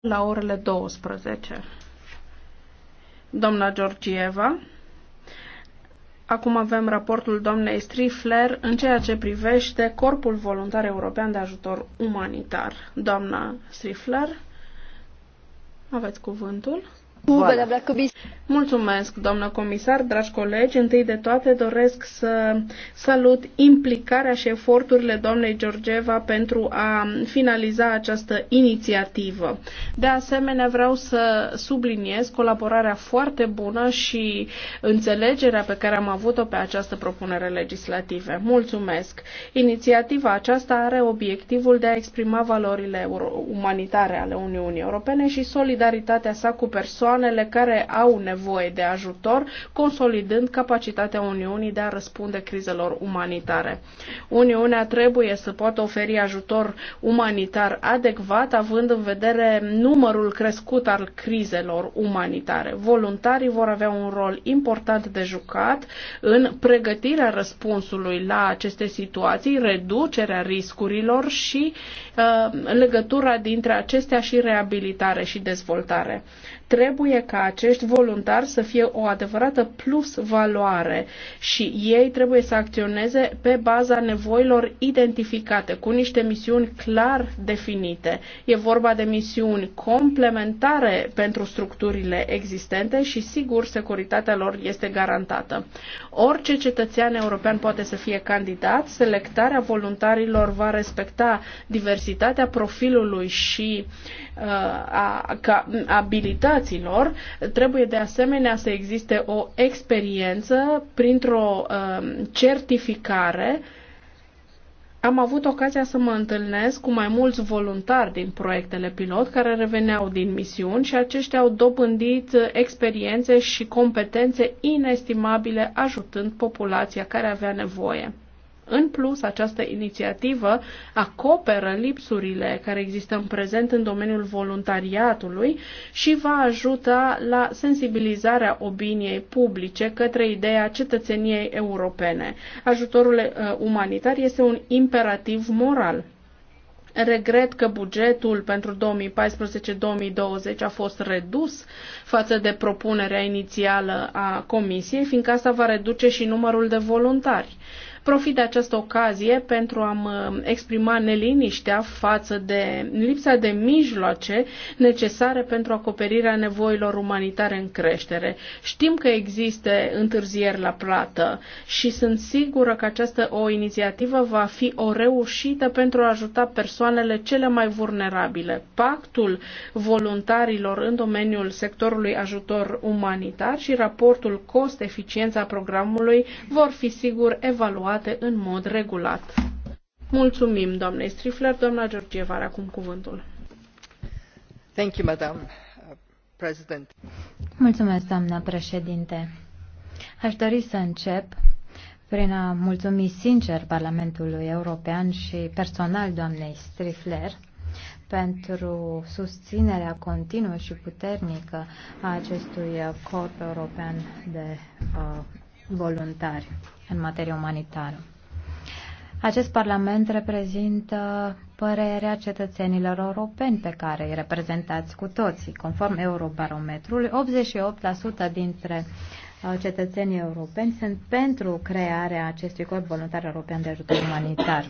la orele 12. Doamna Georgieva, acum avem raportul doamnei Strifler în ceea ce privește Corpul Voluntar European de Ajutor Umanitar. Doamna Strifler, aveți cuvântul. Voilà. Mulțumesc, doamnă comisar, dragi colegi. Întâi de toate doresc să salut implicarea și eforturile doamnei Georgeva pentru a finaliza această inițiativă. De asemenea, vreau să subliniez colaborarea foarte bună și înțelegerea pe care am avut-o pe această propunere legislative. Mulțumesc. Inițiativa aceasta are obiectivul de a exprima valorile umanitare ale Uniunii Europene și solidaritatea sa cu persoanele persoanele care au nevoie de ajutor, consolidând capacitatea Uniunii de a răspunde crizelor umanitare. Uniunea trebuie să poată oferi ajutor umanitar adecvat, având în vedere numărul crescut al crizelor umanitare. Voluntarii vor avea un rol important de jucat în pregătirea răspunsului la aceste situații, reducerea riscurilor și uh, legătura dintre acestea și reabilitare și dezvoltare. Trebuie ca acești voluntari să fie o adevărată plus valoare și ei trebuie să acționeze pe baza nevoilor identificate, cu niște misiuni clar definite. E vorba de misiuni complementare pentru structurile existente și, sigur, securitatea lor este garantată. Orice cetățean european poate să fie candidat, selectarea voluntarilor va respecta diversitatea profilului și uh, a, ca, abilității minorităților. Trebuie de asemenea să existe o experiență printr-o um, certificare am avut ocazia să mă întâlnesc cu mai mulți voluntari din proiectele pilot care reveneau din misiuni și aceștia au dobândit uh, experiențe și competențe inestimabile ajutând populația care avea nevoie. În plus, această inițiativă acoperă lipsurile care există în prezent în domeniul voluntariatului și va ajuta la sensibilizarea opiniei publice către ideea cetățeniei europene. Ajutorul uh, umanitar este un imperativ moral. Regret că bugetul pentru 2014-2020 a fost redus față de propunerea inițială a Comisiei, fiindcă asta va reduce și numărul de voluntari. Profit de această ocazie pentru a mi uh, exprima neliniștea față de lipsa de mijloace necesare pentru acoperirea nevoilor umanitare în creștere. Știm că există întârzieri la plată și sunt sigură că această o inițiativă va fi o reușită pentru a ajuta persoanele cele mai vulnerabile. Pactul voluntarilor în domeniul sectorului ajutor umanitar și raportul cost-eficiența programului vor fi sigur evaluate tratate în mod regulat. Mulțumim, doamnei Strifler. Doamna George are acum cuvântul. Thank you, madam uh, president. Mulțumesc, doamna președinte. Aș dori să încep prin a mulțumi sincer Parlamentului European și personal doamnei Strifler pentru susținerea continuă și puternică a acestui corp european de uh, voluntari în materie umanitară. Acest parlament reprezintă părerea cetățenilor europeni pe care îi reprezentați cu toții. Conform Eurobarometrului, 88% dintre uh, cetățenii europeni sunt pentru crearea acestui corp voluntar european de ajutor umanitar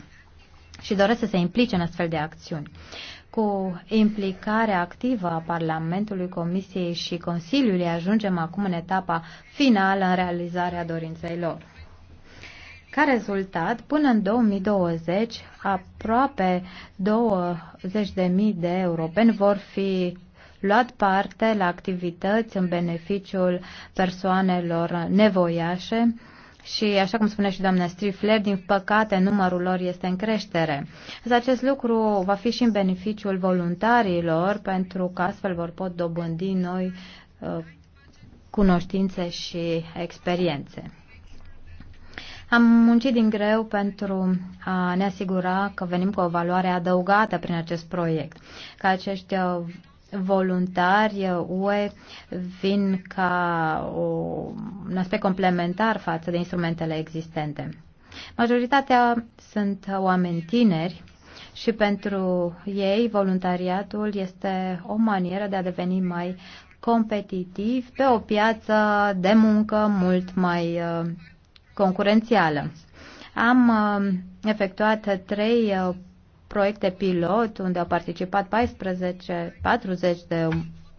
și doresc să se implice în astfel de acțiuni cu implicarea activă a Parlamentului, Comisiei și Consiliului, ajungem acum în etapa finală în realizarea dorinței lor. Ca rezultat, până în 2020, aproape 20.000 de europeni vor fi luat parte la activități în beneficiul persoanelor nevoiașe, și, așa cum spune și doamna Strifler, din păcate numărul lor este în creștere. Însă acest lucru va fi și în beneficiul voluntarilor, pentru că astfel vor pot dobândi noi uh, cunoștințe și experiențe. Am muncit din greu pentru a ne asigura că venim cu o valoare adăugată prin acest proiect, că acești uh, voluntari UE vin ca o, un aspect complementar față de instrumentele existente. Majoritatea sunt oameni tineri și pentru ei voluntariatul este o manieră de a deveni mai competitiv pe o piață de muncă mult mai uh, concurențială. Am uh, efectuat trei uh, proiecte pilot unde au participat 14, 40 de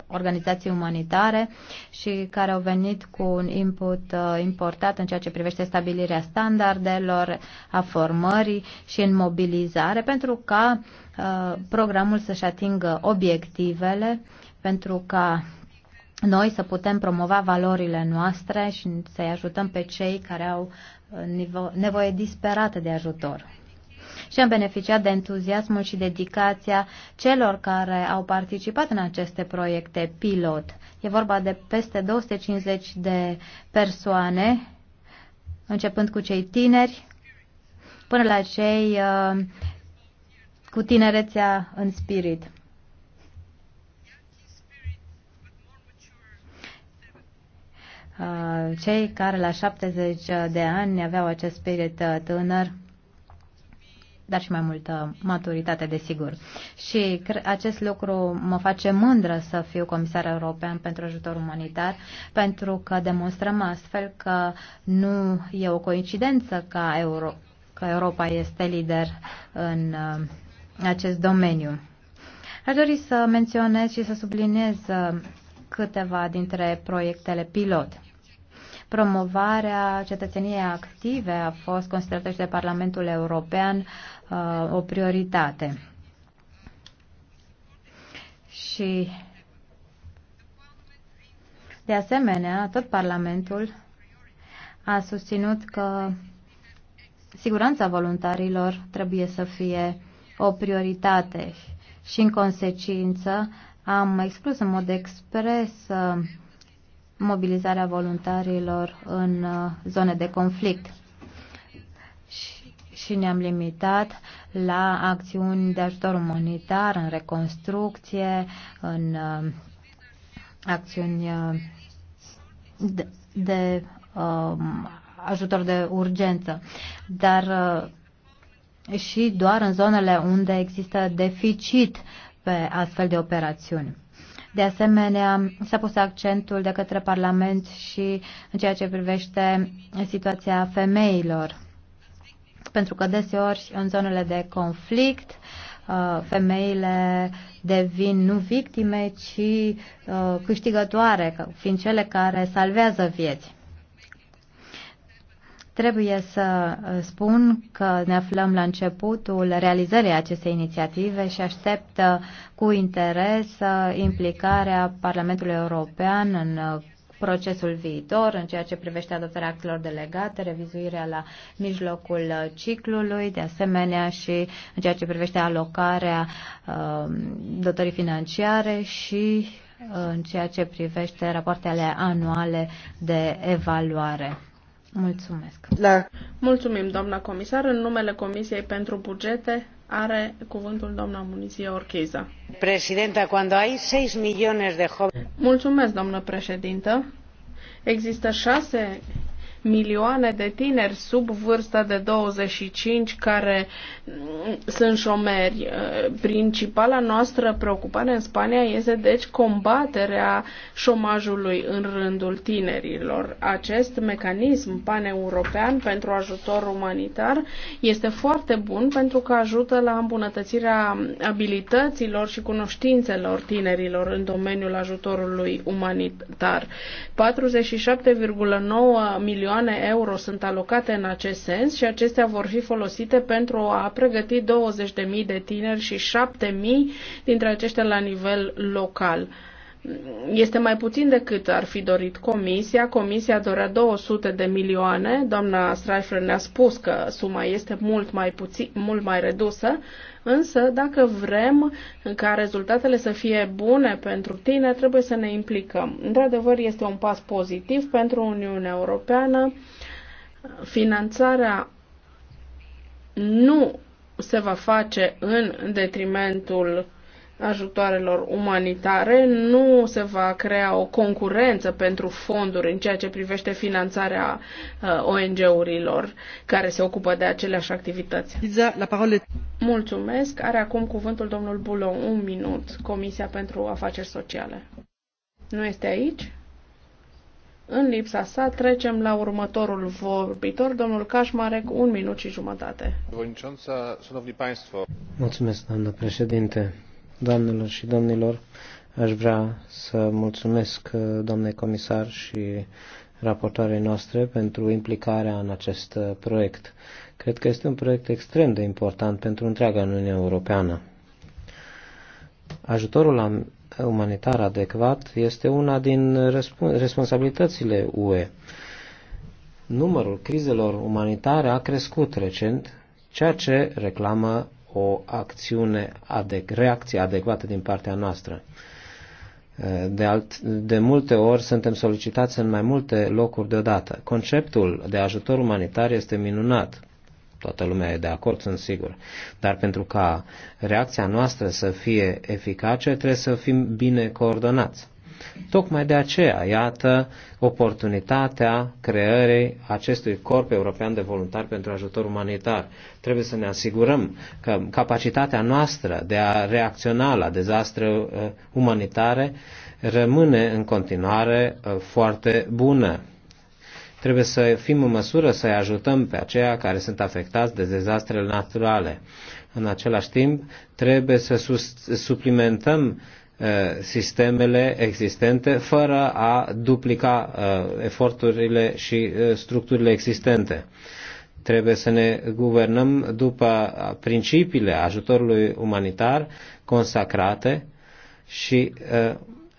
organizații umanitare și care au venit cu un input uh, important în ceea ce privește stabilirea standardelor, a formării și în mobilizare pentru ca uh, programul să-și atingă obiectivele, pentru ca noi să putem promova valorile noastre și să-i ajutăm pe cei care au uh, nevo- nevoie disperată de ajutor și am beneficiat de entuziasmul și dedicația celor care au participat în aceste proiecte pilot. E vorba de peste 250 de persoane, începând cu cei tineri până la cei uh, cu tinerețea în spirit. Uh, cei care la 70 de ani aveau acest spirit uh, tânăr dar și mai multă maturitate, desigur. Și acest lucru mă face mândră să fiu comisar european pentru ajutor umanitar, pentru că demonstrăm astfel că nu e o coincidență ca Euro- că Europa este lider în uh, acest domeniu. Aș dori să menționez și să subliniez uh, câteva dintre proiectele pilot. Promovarea cetățeniei active a fost considerată și de Parlamentul European uh, o prioritate. Și de asemenea, tot Parlamentul a susținut că siguranța voluntarilor trebuie să fie o prioritate și, în consecință, am exclus în mod expres uh, mobilizarea voluntarilor în uh, zone de conflict și ne-am limitat la acțiuni de ajutor umanitar, în reconstrucție, în uh, acțiuni uh, de, de um, ajutor de urgență, dar și doar în zonele unde există deficit pe astfel de operațiuni. De asemenea, s-a pus accentul de către Parlament și în ceea ce privește situația femeilor. Pentru că deseori în zonele de conflict uh, femeile devin nu victime, ci uh, câștigătoare, fiind cele care salvează vieți. Trebuie să uh, spun că ne aflăm la începutul realizării acestei inițiative și aștept uh, cu interes uh, implicarea Parlamentului European în procesul viitor în ceea ce privește adoptarea actelor delegate, revizuirea la mijlocul ciclului, de asemenea și în ceea ce privește alocarea dotării financiare și în ceea ce privește rapoartele anuale de evaluare. Mulțumesc. Da. Mulțumim, doamna comisar. În numele Comisiei pentru Bugete are cuvântul doamna Muniție Orcheza. Președinta, când ai 6 milioane de Mulțumesc, doamnă președintă. Există 6 milioane de tineri sub vârsta de 25 care mm, sunt șomeri. Uh, principala noastră preocupare în Spania este deci combaterea șomajului în rândul tinerilor. Acest mecanism paneuropean pentru ajutor umanitar este foarte bun pentru că ajută la îmbunătățirea abilităților și cunoștințelor tinerilor în domeniul ajutorului umanitar. 47,9 milioane milioane euro sunt alocate în acest sens și acestea vor fi folosite pentru a pregăti 20.000 de tineri și 7.000 dintre aceștia la nivel local. Este mai puțin decât ar fi dorit comisia. Comisia dorea 200 de milioane. Doamna Streifler ne-a spus că suma este mult mai, puțin, mult mai redusă, însă dacă vrem ca rezultatele să fie bune pentru tine, trebuie să ne implicăm. Într-adevăr, este un pas pozitiv pentru Uniunea Europeană. Finanțarea nu se va face în detrimentul ajutoarelor umanitare, nu se va crea o concurență pentru fonduri în ceea ce privește finanțarea uh, ONG-urilor care se ocupă de aceleași activități. Iza, la parole. Mulțumesc. Are acum cuvântul domnul Bulon. Un minut. Comisia pentru Afaceri Sociale. Nu este aici? În lipsa sa, trecem la următorul vorbitor, domnul Cașmarec, un minut și jumătate. Mulțumesc, doamnă președinte. Doamnelor și domnilor, aș vrea să mulțumesc uh, doamnei comisar și raportoarei noastre pentru implicarea în acest uh, proiect. Cred că este un proiect extrem de important pentru întreaga Uniune Europeană. Ajutorul umanitar adecvat este una din responsabilitățile UE. Numărul crizelor umanitare a crescut recent, ceea ce reclamă o acțiune, adec, reacție adecvată din partea noastră. De, alt, de multe ori suntem solicitați în mai multe locuri deodată. Conceptul de ajutor umanitar este minunat. Toată lumea e de acord, sunt sigur. Dar pentru ca reacția noastră să fie eficace, trebuie să fim bine coordonați. Tocmai de aceea, iată, oportunitatea creării acestui corp european de voluntari pentru ajutor umanitar. Trebuie să ne asigurăm că capacitatea noastră de a reacționa la dezastre uh, umanitare rămâne în continuare uh, foarte bună. Trebuie să fim în măsură să-i ajutăm pe aceia care sunt afectați de dezastrele naturale. În același timp, trebuie să sus- suplimentăm uh, Uh, sistemele existente fără a duplica uh, eforturile și uh, structurile existente. Trebuie să ne guvernăm după principiile ajutorului umanitar consacrate și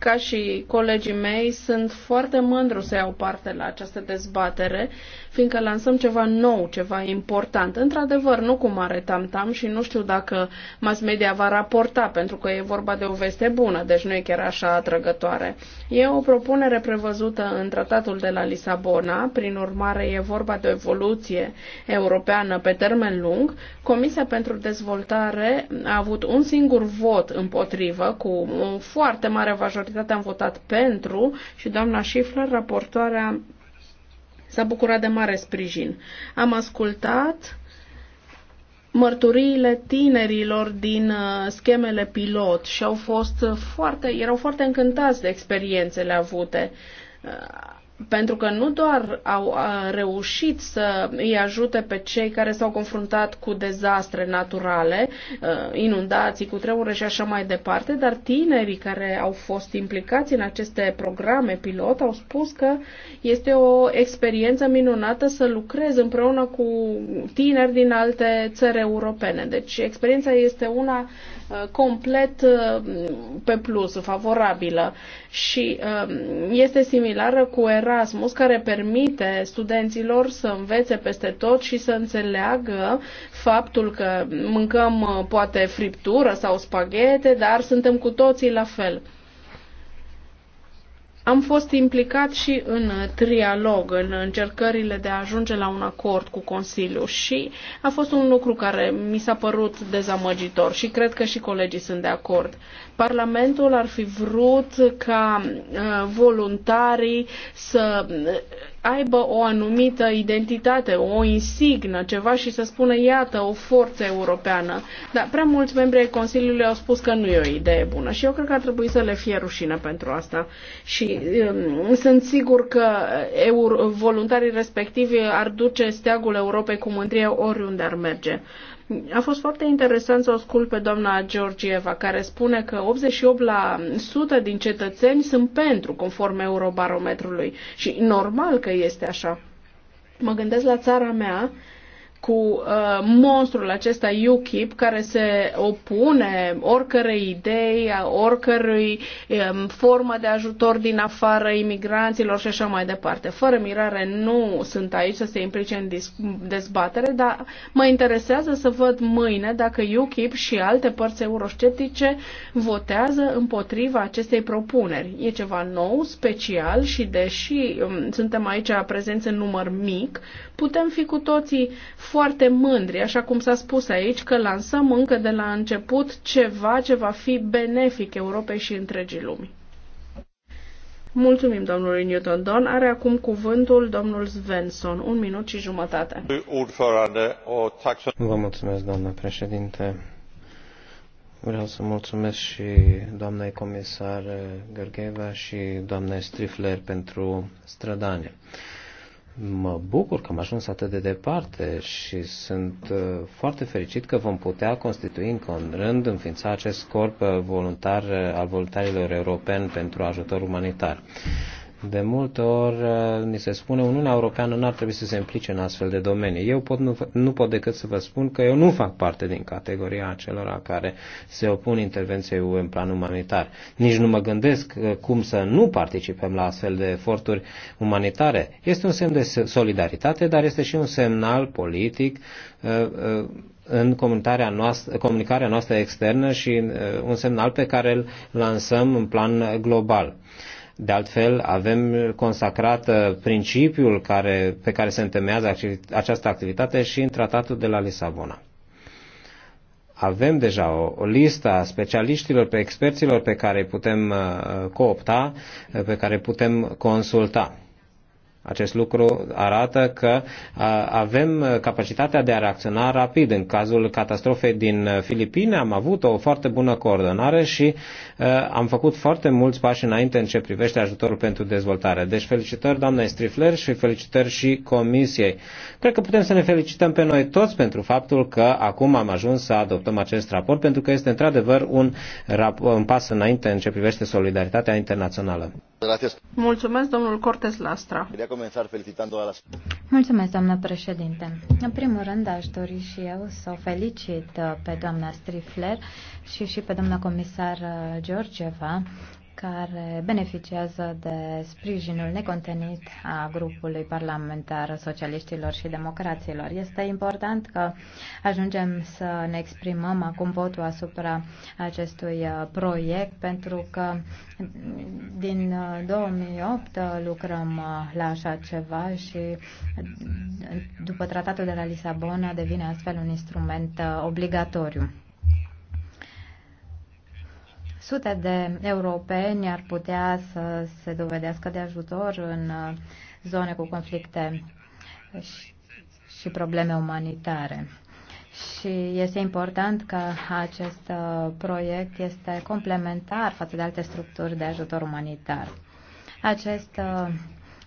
ca și colegii mei, sunt foarte mândru să iau parte la această dezbatere, fiindcă lansăm ceva nou, ceva important. Într-adevăr, nu cu mare tamtam și nu știu dacă mass media va raporta, pentru că e vorba de o veste bună, deci nu e chiar așa atrăgătoare. E o propunere prevăzută în tratatul de la Lisabona, prin urmare e vorba de o evoluție europeană pe termen lung. Comisia pentru Dezvoltare a avut un singur vot împotrivă, cu o foarte mare majoritate majoritatea am votat pentru și doamna Schiffler, raportoarea, s-a bucurat de mare sprijin. Am ascultat mărturiile tinerilor din uh, schemele pilot și au fost uh, foarte, erau foarte încântați de experiențele avute uh, pentru că nu doar au reușit să îi ajute pe cei care s-au confruntat cu dezastre naturale, inundații, cu tremure și așa mai departe, dar tinerii care au fost implicați în aceste programe pilot au spus că este o experiență minunată să lucrez împreună cu tineri din alte țări europene. Deci experiența este una complet pe plus, favorabilă și este similară cu era Erasmus, care permite studenților să învețe peste tot și să înțeleagă faptul că mâncăm uh, poate friptură sau spaghete, dar suntem cu toții la fel. Am fost implicat și în uh, trialog, în încercările de a ajunge la un acord cu Consiliul și a fost un lucru care mi s-a părut dezamăgitor și cred că și colegii sunt de acord. Parlamentul ar fi vrut ca uh, voluntarii să uh, aibă o anumită identitate, o insignă, ceva și să spună, iată, o forță europeană. Dar prea mulți membri ai Consiliului au spus că nu e o idee bună și eu cred că ar trebui să le fie rușine pentru asta. Și um, sunt sigur că uh, euro, voluntarii respectivi ar duce steagul Europei cu mândrie oriunde ar merge. Uh, a fost foarte interesant să o ascult pe doamna Georgieva, care spune că 88% din cetățeni sunt pentru, conform Eurobarometrului. Și normal că este așa. Mă gândesc la țara mea, cu uh, monstrul acesta UKIP care se opune oricărei idei, oricărui um, formă de ajutor din afară imigranților și așa mai departe. Fără mirare nu sunt aici să se implice în dezbatere, dar mă interesează să văd mâine dacă UKIP și alte părți eurosceptice votează împotriva acestei propuneri. E ceva nou, special și deși um, suntem aici prezenți în număr mic, putem fi cu toții foarte mândri, așa cum s-a spus aici, că lansăm încă de la început ceva ce va fi benefic Europei și întregii lumi. Mulțumim domnului Newton Don. Are acum cuvântul domnul Svensson. Un minut și jumătate. Vă mulțumesc, doamnă președinte. Vreau să mulțumesc și doamnei comisar Gărgheva și doamnei Strifler pentru strădanie. Mă bucur că am ajuns atât de departe și sunt uh, foarte fericit că vom putea constitui în rând înființa acest corp uh, voluntar uh, al voluntarilor europeni pentru ajutor umanitar. De multe ori uh, ni se spune Uniunea Europeană nu ar trebui să se implice în astfel de domenii. Eu pot, nu, nu pot decât să vă spun că eu nu fac parte din categoria celor care se opun intervenției UE în plan umanitar. Nici nu mă gândesc uh, cum să nu participăm la astfel de eforturi umanitare. Este un semn de solidaritate, dar este și un semnal politic uh, în comunicarea noastră, comunicarea noastră externă și un semnal pe care îl lansăm în plan global. De altfel, avem consacrat uh, principiul care, pe care se întemeiază această activitate și în tratatul de la Lisabona. Avem deja o, o listă a specialiștilor, pe experților pe care putem uh, coopta, uh, pe care putem consulta. Acest lucru arată că avem capacitatea de a reacționa rapid. În cazul catastrofei din Filipine am avut o foarte bună coordonare și am făcut foarte mulți pași înainte în ce privește ajutorul pentru dezvoltare. Deci felicitări doamnei Strifler și felicitări și Comisiei. Cred că putem să ne felicităm pe noi toți pentru faptul că acum am ajuns să adoptăm acest raport pentru că este într-adevăr un, un pas înainte în ce privește solidaritatea internațională. Mulțumesc, domnul Cortes Mulțumesc, președinte. În primul rând, aș dori și eu să o felicit uh, pe doamna Strifler și și pe doamna comisar uh, Georgieva care beneficiază de sprijinul necontenit a grupului parlamentar socialiștilor și democraților. Este important că ajungem să ne exprimăm acum votul asupra acestui uh, proiect, pentru că mm, din 2008 uh, uh, lucrăm la așa ceva și după tratatul de la Lisabona devine astfel un instrument obligatoriu. Sute de europeni ar putea să se dovedească de ajutor în uh, zone cu conflicte și probleme umanitare. Și este important că acest uh, proiect este complementar față de alte structuri de ajutor umanitar. Acest uh,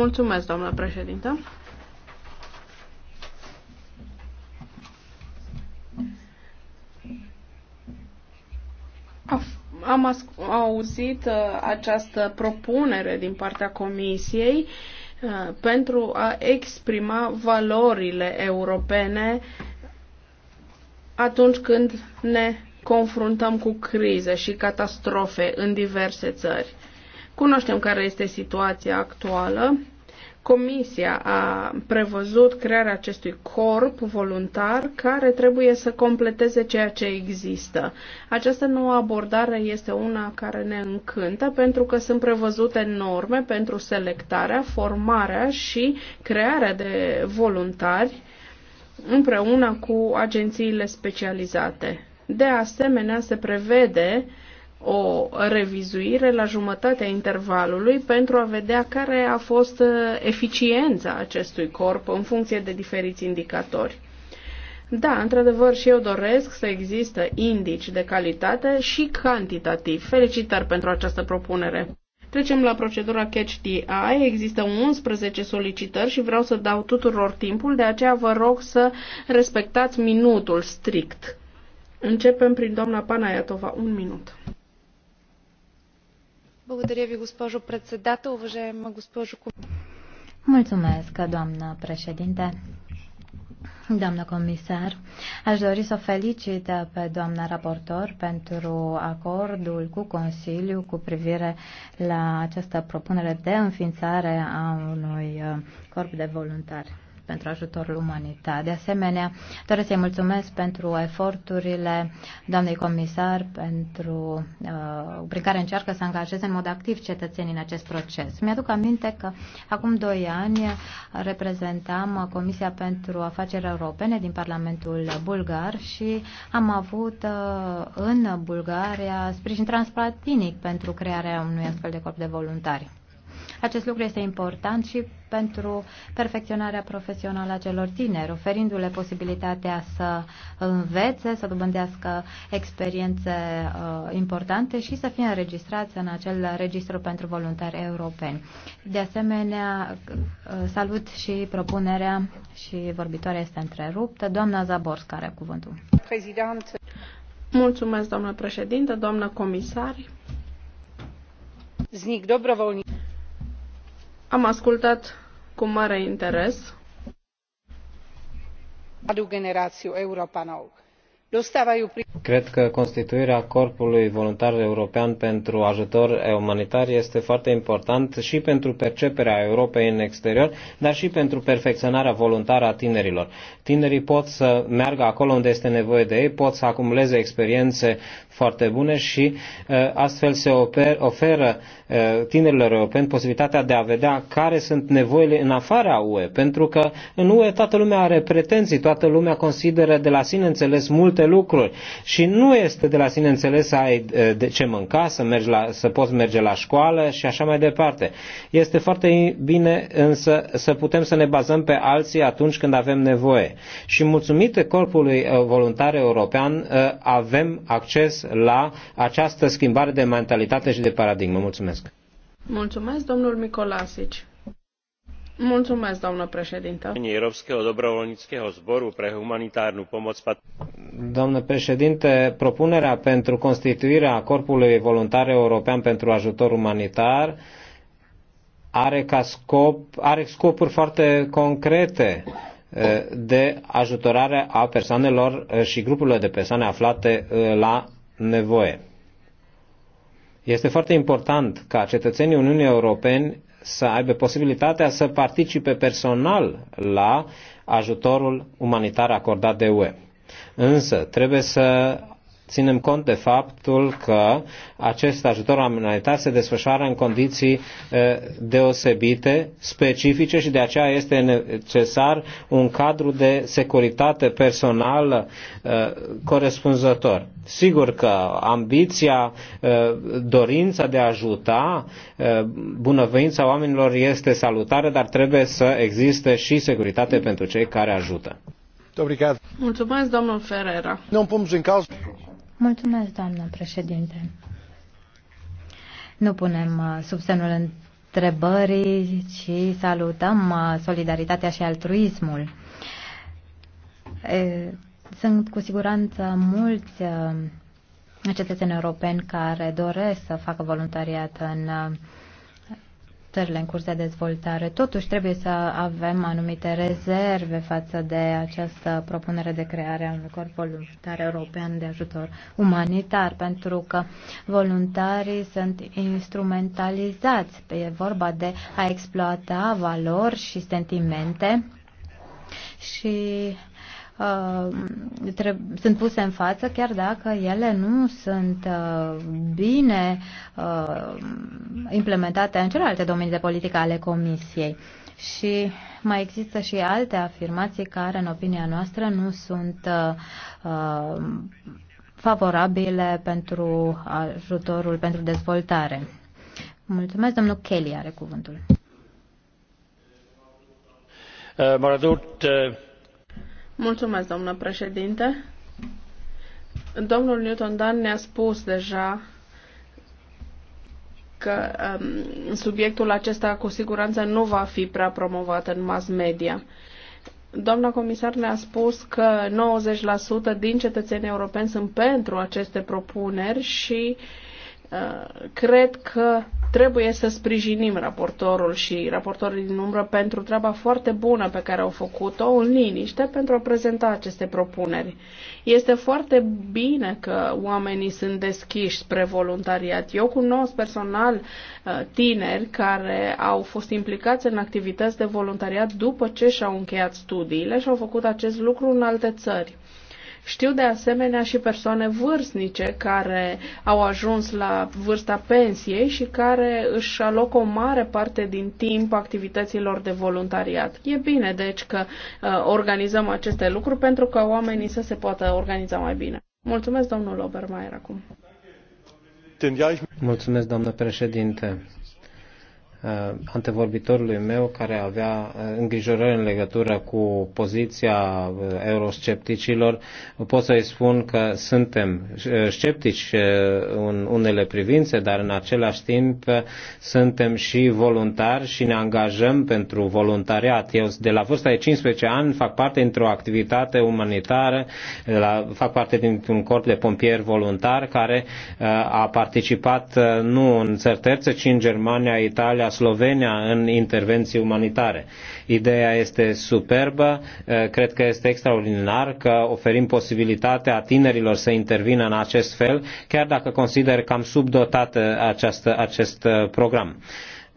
Mulțumesc, doamnă președintă. Am auzit uh, această propunere din partea Comisiei uh, pentru a exprima valorile europene atunci când ne confruntăm cu crize și catastrofe în diverse țări. Cunoaștem care este situația actuală Comisia a prevăzut crearea acestui corp voluntar care trebuie să completeze ceea ce există. Această nouă abordare este una care ne încântă pentru că sunt prevăzute norme pentru selectarea, formarea și crearea de voluntari împreună cu agențiile specializate. De asemenea, se prevede uh, o revizuire la jumătatea intervalului pentru a vedea care a fost uh, eficiența acestui corp în funcție de diferiți indicatori. Da, într-adevăr și eu doresc să există indici de calitate și cantitativ. Felicitări pentru această propunere. Trecem la procedura Catch the Eye. Există 11 solicitări și vreau să dau tuturor timpul, de aceea vă rog să respectați minutul strict. Începem prin doamna Panayatova. Un minut. Mulțumesc, doamnă președinte. Doamnă comisar, aș dori să o felicit pe doamna raportor pentru acordul cu Consiliu cu privire la această propunere de înființare a unui uh, corp de voluntari pentru ajutorul umanitar. De asemenea, doresc să-i mulțumesc pentru eforturile doamnei comisar pentru, uh, prin care încearcă să angajeze în mod activ cetățenii în acest proces. Mi-aduc aminte că acum doi ani reprezentam Comisia pentru Afaceri Europene din Parlamentul Bulgar și am avut uh, în Bulgaria sprijin transplatinic pentru crearea unui astfel de corp de voluntari. Acest lucru este important și pentru perfecționarea profesională a celor tineri, oferindu-le posibilitatea să învețe, să dobândească experiențe uh, importante și să fie înregistrați în acel registru pentru voluntari europeni. De asemenea, uh, salut și propunerea și vorbitoarea este întreruptă. Doamna care are cuvântul. Prezident. Mulțumesc, doamnă președinte, doamnă comisar. Znic dobrovolnic am ascultat cu mare interes. Cred că constituirea Corpului Voluntar European pentru Ajutor Umanitar este foarte important și pentru perceperea Europei în exterior, dar și pentru perfecționarea voluntară a tinerilor. Tinerii pot să meargă acolo unde este nevoie de ei, pot să acumuleze experiențe foarte bune și uh, astfel se oferă uh, tinerilor europeni posibilitatea de a vedea care sunt nevoile în afara UE, pentru că în UE toată lumea are pretenții, toată lumea consideră de la sine înțeles multe lucruri și nu este de la sine înțeles să ai uh, de ce mânca, să, mergi la, să poți merge la școală și așa mai departe. Este foarte bine însă să putem să ne bazăm pe alții atunci când avem nevoie. Și mulțumite Corpului Voluntar European avem acces la această schimbare de mentalitate și de paradigmă. Mulțumesc! Mulțumesc, domnul Micolasici. Mulțumesc, doamnă președinte. Európskeho zboru pre pomoc Doamnă președinte, propunerea pentru constituirea Corpului Voluntar European pentru Ajutor Umanitar are, ca scop, are scopuri foarte concrete eh, de ajutorare a persoanelor eh, și grupurilor de persoane aflate eh, la nevoie. Este foarte important ca cetățenii Uniunii Europene să aibă posibilitatea să participe personal la ajutorul umanitar acordat de UE. Însă trebuie să ținem cont de faptul că acest ajutor minoritar se desfășoară în condiții deosebite, specifice și de aceea este necesar un cadru de securitate personală corespunzător. Sigur că ambiția, dorința de a ajuta, bunăvoința oamenilor este salutare, dar trebuie să existe și securitate pentru cei care ajută. Mulțumesc, domnul Ferreira. Nu punem în caz. Mulțumesc, doamnă președinte. Nu punem uh, sub semnul întrebării, ci salutăm uh, solidaritatea și altruismul. Sunt cu siguranță mulți uh, cetățeni europeni care doresc să facă voluntariat în țările în curs de dezvoltare. Totuși trebuie să avem anumite rezerve față de această propunere de creare a unui corp voluntar european de ajutor umanitar, pentru că voluntarii sunt instrumentalizați. E vorba de a exploata valori și sentimente și Uh, sunt puse în față, chiar dacă ele nu sunt uh, bine uh, implementate în celelalte domenii de politică ale Comisiei. Și mai există și alte afirmații care, în opinia noastră, nu sunt uh, favorabile pentru ajutorul pentru dezvoltare. Mulțumesc, domnul Kelly are cuvântul. Uh, Mulțumesc, domnule președinte. Domnul Newton Dan ne-a spus deja că um, subiectul acesta cu siguranță nu va fi prea promovat în mass media. Doamna comisar ne-a spus că 90% din cetățenii europeni sunt pentru aceste propuneri și uh, cred că Trebuie să sprijinim raportorul și raportorii din umbră pentru treaba foarte bună pe care au făcut-o în liniște pentru a prezenta aceste propuneri. Este foarte bine că oamenii sunt deschiși spre voluntariat. Eu cunosc personal uh, tineri care au fost implicați în activități de voluntariat după ce și-au încheiat studiile și au făcut acest lucru în alte țări. Știu de asemenea și persoane vârstnice care au ajuns la vârsta pensiei și care își alocă o mare parte din timp activităților de voluntariat. E bine, deci, că uh, organizăm aceste lucruri pentru că oamenii să se poată organiza mai bine. Mulțumesc, domnul Obermaier, acum. Mulțumesc, doamnă președinte. Uh, antevorbitorului meu care avea uh, îngrijorări în legătură cu poziția uh, euroscepticilor, pot să-i spun că suntem sceptici în unele privințe, dar în același timp suntem și voluntari și ne angajăm pentru voluntariat. Eu de la vârsta de 15 ani fac parte într-o activitate umanitară, la, fac parte dintr-un corp de pompieri voluntari care a participat nu în țări terțe, ci în Germania, Italia, Slovenia în intervenții umanitare. Ideea este superbă, eh, cred că este extraordinar că oferim posibilitatea tinerilor să intervină în acest fel, chiar dacă consider cam subdotat eh, această, acest eh, program.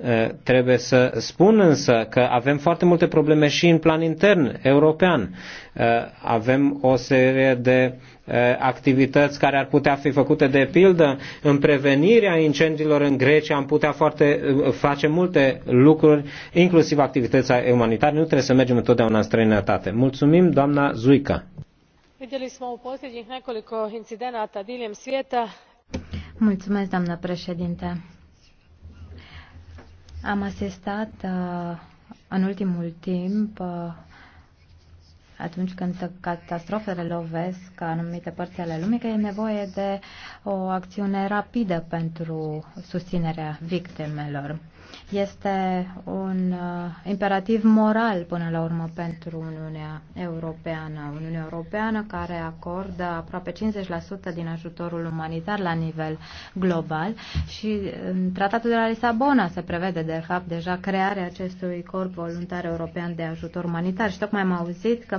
Eh, trebuie să spun însă că avem foarte multe probleme și în plan intern european. Eh, avem o serie de eh, activități care ar putea fi făcute de pildă în prevenirea incendiilor în Grecia, am putea foarte, face multe lucruri, inclusiv activități umanitare. Nu trebuie să mergem întotdeauna în străinătate. Mulțumim, doamna Zuica. Mulțumesc, doamnă președinte. Am asistat uh, în ultimul timp, uh, atunci când catastrofele lovesc anumite părți ale lumii, că e nevoie de o acțiune rapidă pentru susținerea victimelor. Este un uh, imperativ moral până la urmă pentru Uniunea Europeană. Uniunea Europeană care acordă aproape 50% din ajutorul umanitar la nivel global și în uh, tratatul de la Lisabona se prevede de fapt deja crearea acestui corp voluntar european de ajutor umanitar și tocmai am auzit că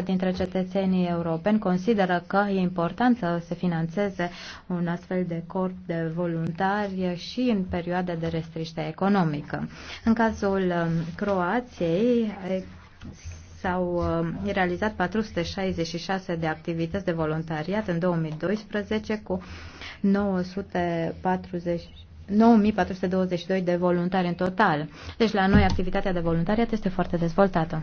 88% dintre cetățenii europeni consideră că e important să se financeze un astfel de corp de voluntari și în perioade de restriște economică. În cazul um, Croației s-au um, realizat 466 de activități de voluntariat în 2012 cu 940 9422 de voluntari în total. Deci la noi activitatea de voluntariat este foarte dezvoltată.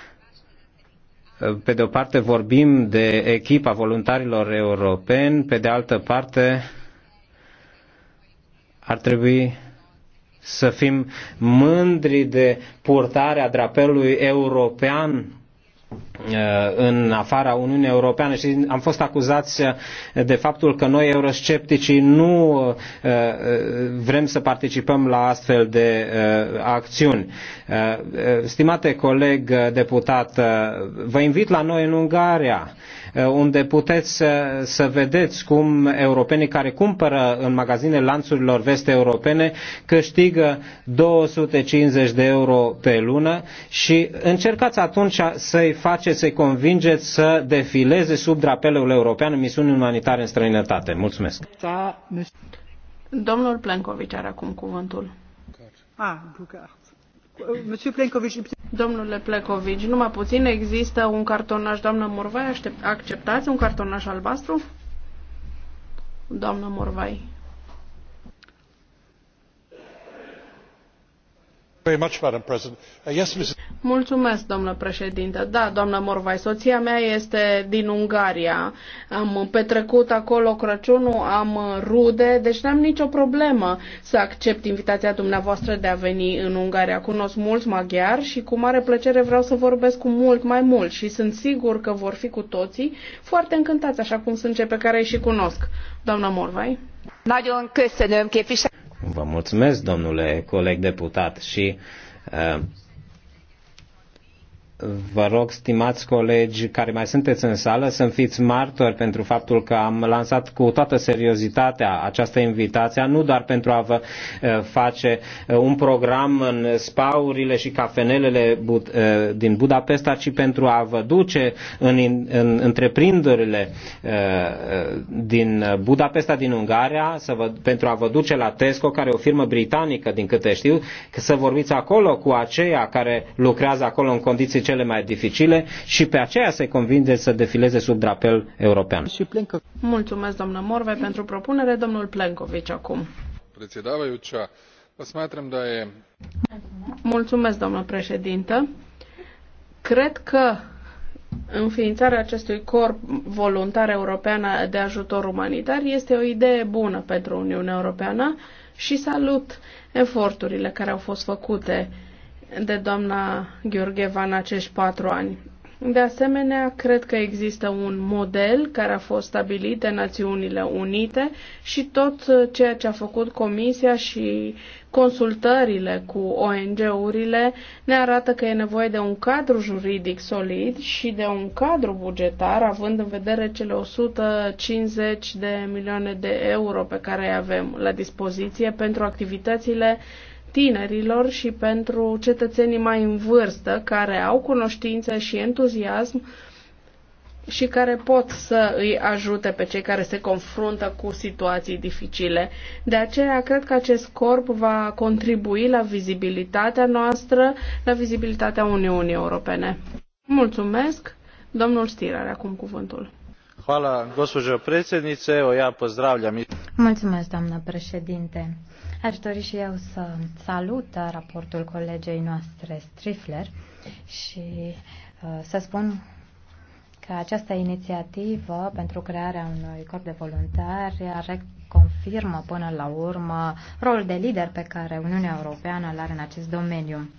pe de o parte vorbim de echipa voluntarilor europeni, pe de altă parte ar trebui să fim mândri de purtarea drapelului european Uh, în afara Uniunii Europeane și am fost acuzați uh, de faptul că noi euroscepticii nu uh, vrem să participăm la astfel de acțiuni. Stimate coleg deputat, vă invit la noi în Ungaria Uh, unde puteți să, să vedeți cum europenii care cumpără în magazinele lanțurilor veste europene câștigă 250 de euro pe lună și încercați atunci să-i faceți, să-i convingeți să defileze sub drapelul european în misiuni umanitare în străinătate. Mulțumesc! Domnul Plenković are acum cuvântul. Ah, Bucar. Domnule Plecovici, numai puțin există un cartonaș, doamnă Morvai, aștept, acceptați un cartonaș albastru? Doamnă Morvai. Uh, Mulțumesc, domnule președinte. Da, doamnă Morvai, soția mea este din Ungaria. Am petrecut acolo Crăciunul, am rude, deci n-am nicio problemă să accept invitația dumneavoastră de a veni în Ungaria. Cunosc mulți maghiari și cu mare plăcere vreau să vorbesc cu mult mai mulți și sunt sigur că vor fi cu toții foarte încântați, așa cum sunt cei pe care îi și cunosc. doamnă Morvai. Nagyon köszönöm, Vă mulțumesc, domnule coleg deputat, și uh, vă rog, stimați colegi care mai sunteți în sală, să fiți martori pentru faptul că am lansat cu toată seriozitatea această invitație, nu doar pentru a vă eh, face eh, un program în spaurile și cafenelele eh, din Budapesta, ci pentru a vă duce în, în întreprinderile din Budapesta, din Ungaria, să vă, pentru a vă duce la Tesco, care e o firmă britanică, din câte știu, să vorbiți acolo cu aceia care lucrează acolo în condiții cele mai dificile și pe aceea se convinge să defileze sub drapel european. Mulțumesc, doamnă Morve, pentru propunere. Domnul Plenković acum. Mulțumesc, doamnă președintă. Cred că înființarea acestui corp voluntar european de ajutor umanitar este o idee bună pentru Uniunea Europeană și salut eforturile care au fost făcute de doamna Gheorgheva în acești patru ani. De asemenea, cred că există un model care a fost stabilit de Națiunile Unite și tot ceea ce a făcut Comisia și consultările cu ONG-urile ne arată că e nevoie de un cadru juridic solid și de un cadru bugetar, având în vedere cele 150 de milioane de euro pe care îi avem la dispoziție pentru activitățile tinerilor și pentru cetățenii mai în vârstă care au cunoștință și entuziasm și care pot să îi ajute pe cei care se confruntă cu situații dificile. De aceea, cred că acest corp va contribui la vizibilitatea noastră, la vizibilitatea Uniunii Europene. Mulțumesc. Domnul Stirare, acum cuvântul. Hvala, gospođo predsjednice. Evo ja pozdravljam Mulțumesc, doamnă președinte. Aș dori și eu să salut raportul colegei noastre Strifler și uh, să spun că această inițiativă pentru crearea unui corp de voluntari confirmă până la urmă rolul de lider pe care Uniunea Europeană îl are în acest domeniu.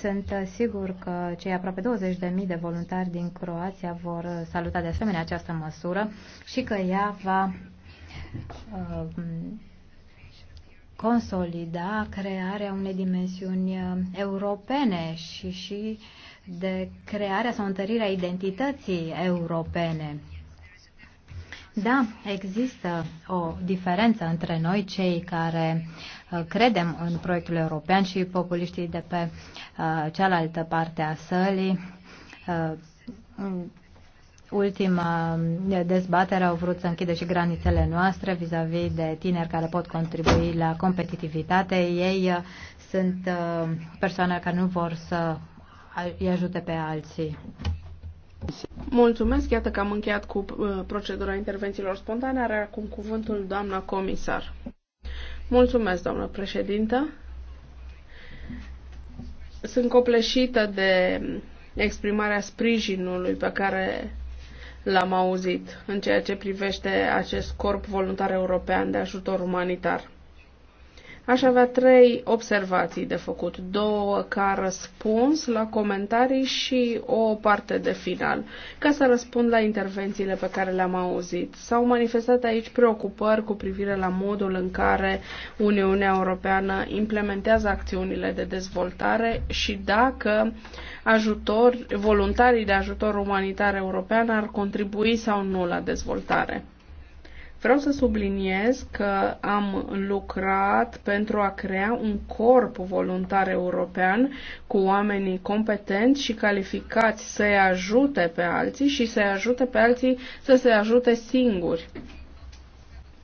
Sunt uh, sigur că cei aproape 20.000 de voluntari din Croația vor saluta de asemenea această măsură și că ea va Um, consolida crearea unei dimensiuni uh, europene și și de crearea sau întărirea identității europene. Da, există o diferență între noi, cei care uh, credem în proiectul european și populiștii de pe uh, cealaltă parte a sălii ultima eh, dezbatere au vrut să închidă și granițele noastre vis-a-vis -vis de tineri care pot contribui la competitivitate. Ei eh, sunt eh, persoane care nu vor să îi ajute pe alții. Mulțumesc, iată că am încheiat cu procedura intervențiilor spontane. Are acum cuvântul doamna comisar. Mulțumesc, doamnă președintă. Sunt copleșită de exprimarea sprijinului pe care l-am auzit în ceea ce privește acest corp voluntar european de ajutor umanitar. Aș avea trei observații de făcut, două ca răspuns la comentarii și o parte de final, ca să răspund la intervențiile pe care le-am auzit. S-au manifestat aici preocupări cu privire la modul în care Uniunea Europeană implementează acțiunile de dezvoltare și dacă ajutor, voluntarii de ajutor umanitar european ar contribui sau nu la dezvoltare. Vreau să subliniez că am lucrat pentru a crea un corp voluntar european cu oamenii competenți și calificați să-i ajute pe alții și să-i ajute pe alții să se ajute singuri.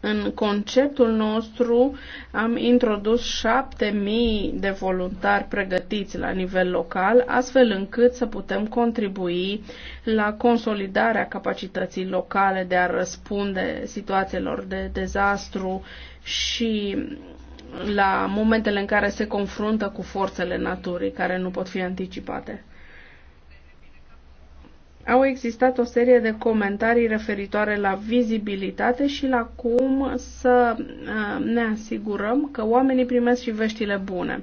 În conceptul nostru am introdus 7000 de voluntari pregătiți la nivel local, astfel încât să putem contribui la consolidarea capacității locale de a răspunde situațiilor de dezastru și la momentele în care se confruntă cu forțele naturii care nu pot fi anticipate. Au existat o serie de comentarii referitoare la vizibilitate și la cum să uh, ne asigurăm că oamenii primesc și veștile bune.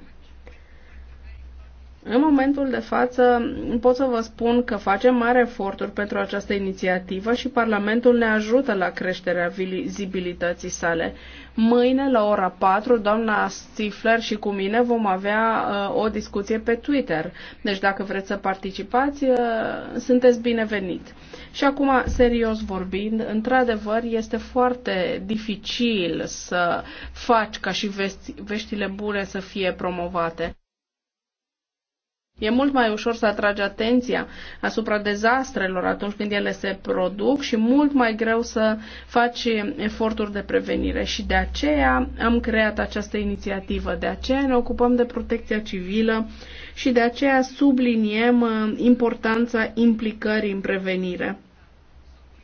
În momentul de față pot să vă spun că facem mari eforturi pentru această inițiativă și Parlamentul ne ajută la creșterea vizibilității sale. Mâine, la ora 4, doamna Stifler și cu mine vom avea uh, o discuție pe Twitter. Deci dacă vreți să participați, uh, sunteți binevenit. Și acum, serios vorbind, într-adevăr este foarte dificil să faci ca și veștile bune să fie promovate E mult mai ușor să atragi atenția asupra dezastrelor atunci când ele se produc și mult mai greu să faci eforturi de prevenire. Și de aceea am creat această inițiativă, de aceea ne ocupăm de protecția civilă și de aceea subliniem uh, importanța implicării în prevenire.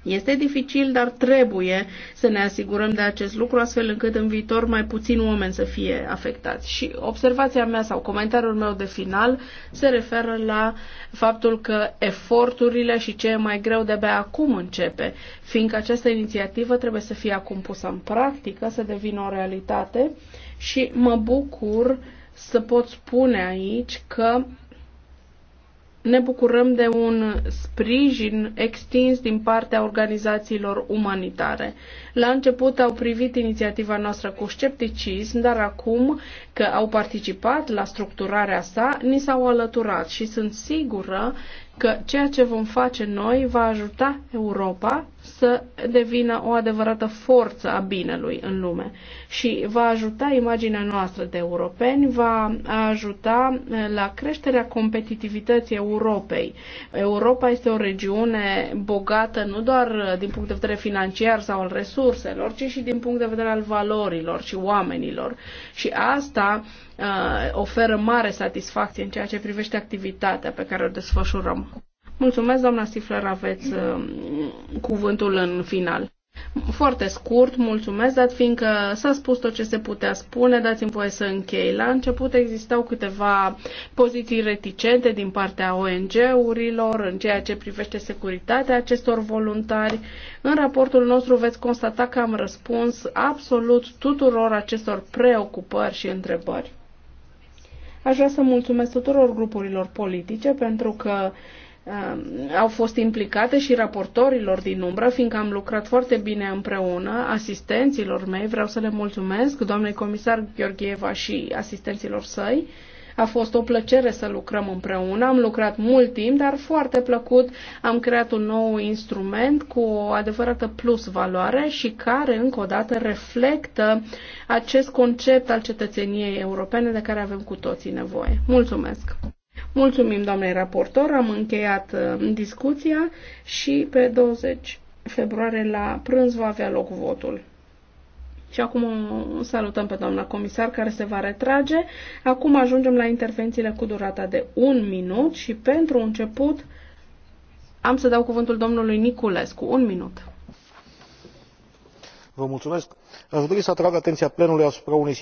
Este dificil, dar trebuie să ne asigurăm de acest lucru, astfel încât în viitor mai puțin oameni să fie afectați. Și observația mea sau comentariul meu de final se referă la faptul că eforturile și ce e mai greu de-abia acum începe, fiindcă această inițiativă trebuie să fie acum pusă în practică, să devină o realitate și mă bucur să pot spune aici că ne bucurăm de un sprijin extins din partea organizațiilor umanitare. La început au privit inițiativa noastră cu scepticism, dar acum că au participat la structurarea sa, ni s-au alăturat și sunt sigură că ceea ce vom face noi va ajuta Europa să devină o adevărată forță a binelui în lume și va ajuta imaginea noastră de europeni, va ajuta eh, la creșterea competitivității Europei. Europa este o regiune bogată nu doar eh, din punct de vedere financiar sau al resurselor, ci și din punct de vedere al valorilor și oamenilor. Și asta uh, Uh, oferă mare satisfacție în ceea ce privește activitatea pe care o desfășurăm. Mulțumesc, doamna Sifler, aveți uh, cuvântul în final. Foarte scurt, mulțumesc, dat fiindcă s-a spus tot ce se putea spune, dați-mi voie să închei. La început existau câteva poziții reticente din partea ONG-urilor în ceea ce privește securitatea acestor voluntari. În raportul nostru veți constata că am răspuns absolut tuturor acestor preocupări și întrebări. Aș vrea să mulțumesc tuturor grupurilor politice pentru că um, au fost implicate și raportorilor din umbră, fiindcă am lucrat foarte bine împreună, asistenților mei, vreau să le mulțumesc, doamnei comisar Gheorgheva și asistenților săi, a fost o plăcere să lucrăm împreună. Am lucrat mult timp, dar foarte plăcut. Am creat un nou instrument cu o adevărată plus valoare și care, încă o dată, reflectă acest concept al cetățeniei europene de care avem cu toții nevoie. Mulțumesc! Mulțumim, doamnei raportor, am încheiat uh, discuția și pe 20 februarie la prânz va avea loc votul. Și acum o salutăm pe doamna comisar care se va retrage. Acum ajungem la intervențiile cu durata de un minut și pentru început am să dau cuvântul domnului Niculescu. Un minut. Vă mulțumesc. Aș dori să atrag atenția plenului asupra unei